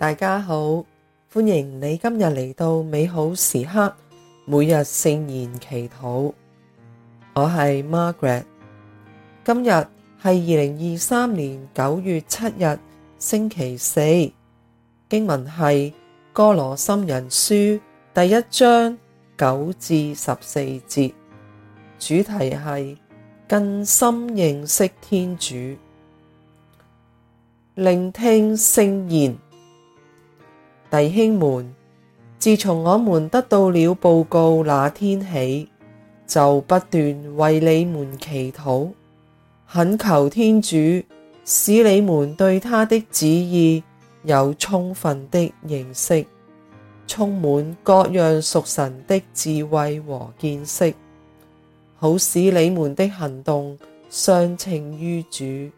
大家好，歡迎你今日嚟到美好時刻每日聖言祈禱。我係 Margaret，今日係二零二三年九月七日星期四。經文係《哥羅森人書》第一章九至十四節，主題係更深認識天主，聆聽聖言。弟兄們，自從我們得到了報告那天起，就不斷為你們祈禱，懇求天主使你們對他的旨意有充分的認識，充滿各樣屬神的智慧和見識，好使你們的行動相稱於主，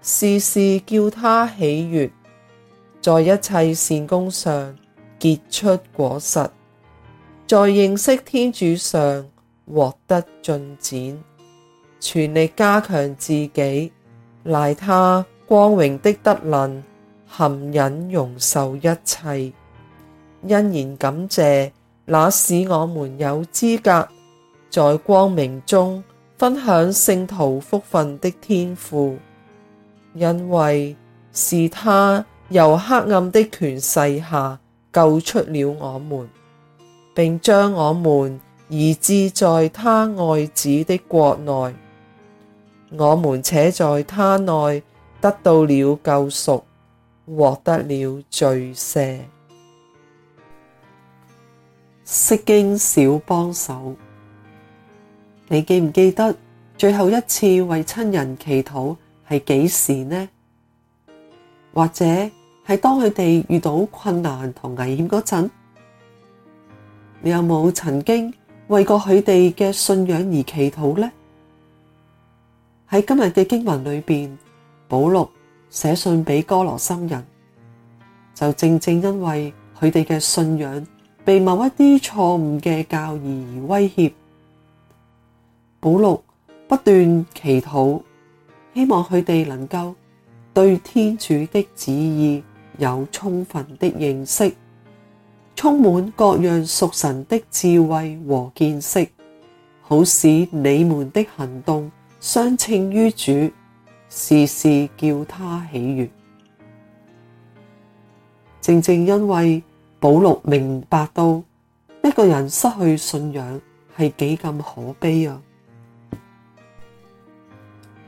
事事叫他喜悅。在一切善功上結出果實，在認識天主上獲得進展，全力加強自己，賴他光榮的德能，含忍容受一切，欣然感謝那使我們有資格在光明中分享聖徒福分的天父，因為是他。由黑暗的權勢下救出了我們，並將我們移置在他愛子的國內。我們且在他內得到了救贖，獲得了罪赦。釋經小幫手，你記唔記得最後一次為親人祈禱係幾時呢？或者係當佢哋遇到困難同危險嗰陣，你有冇曾經為過佢哋嘅信仰而祈禱咧？喺今日嘅經文裏邊，保祿寫信俾哥羅森人，就正正因為佢哋嘅信仰被某一啲錯誤嘅教義而威脅，保祿不斷祈禱，希望佢哋能夠。對天主的旨意有充分的認識，充滿各樣屬神的智慧和見識，好使你們的行動相稱於主，事事叫他喜悦。正正因為保祿明白到一個人失去信仰係幾咁可悲啊，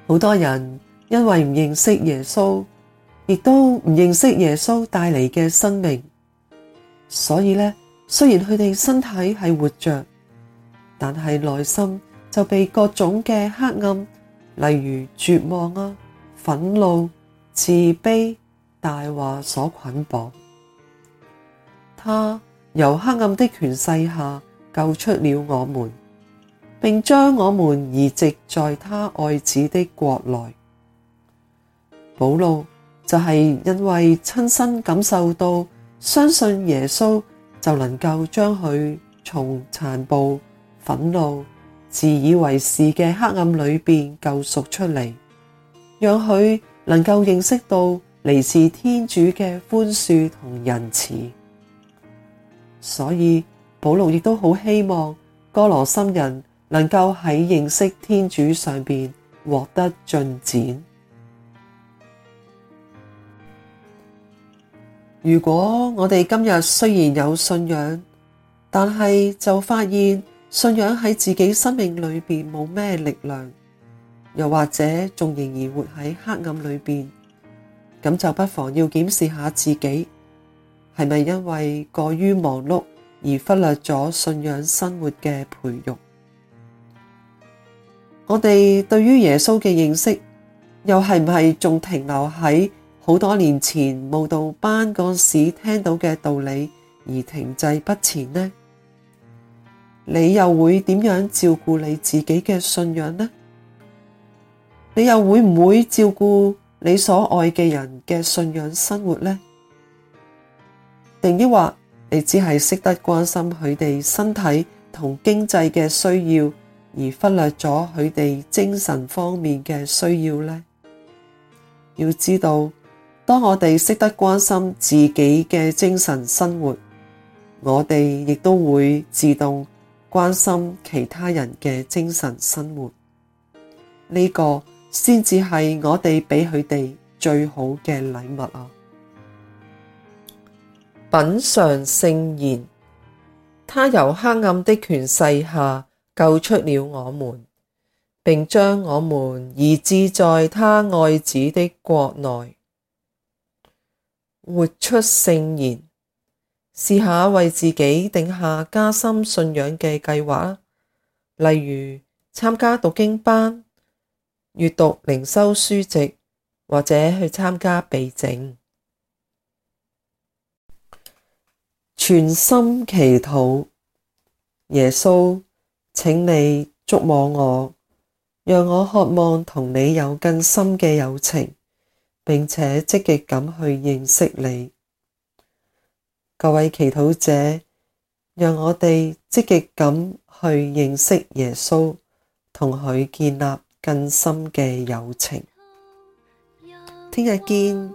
好多人。因為唔認識耶穌，亦都唔認識耶穌帶嚟嘅生命，所以咧，雖然佢哋身體係活着，但係內心就被各種嘅黑暗，例如絕望啊、憤怒、自卑、大話所捆綁。他由黑暗的權勢下救出了我們，並將我們移置在他愛子的國內。保祿就係因為親身感受到，相信耶穌就能夠將佢從殘暴、憤怒、自以為是嘅黑暗裏邊救贖出嚟，讓佢能夠認識到嚟自天主嘅寬恕同仁慈。所以保祿亦都好希望哥羅森人能夠喺認識天主上邊獲得進展。如果我哋今日雖然有信仰，但係就發現信仰喺自己生命裏邊冇咩力量，又或者仲仍然活喺黑暗裏邊，咁就不妨要檢視下自己係咪因為過於忙碌而忽略咗信仰生活嘅培育。我哋對於耶穌嘅認識，又係唔係仲停留喺好多年前慕道班時聽到嘅道理而停滯不前呢？你又會點樣照顧你自己嘅信仰呢？你又會唔會照顧你所愛嘅人嘅信仰生活呢？定抑或你只係識得關心佢哋身體同經濟嘅需要，而忽略咗佢哋精神方面嘅需要呢？要知道。當我哋識得關心自己嘅精神生活，我哋亦都會自動關心其他人嘅精神生活。呢、這個先至係我哋俾佢哋最好嘅禮物啊！品嘗聖言，他由黑暗的權勢下救出了我們，並將我們移置在他愛子的國內。活出聖言，試下為自己定下加深信仰嘅計劃，例如參加讀經班、閱讀靈修書籍或者去參加避靜。全心祈禱，耶穌，請你觸摸我，讓我渴望同你有更深嘅友情。並且積極咁去認識祢。各位祈禱者，讓我哋積極咁去認識耶穌，同佢建立更深嘅友情。聽日見。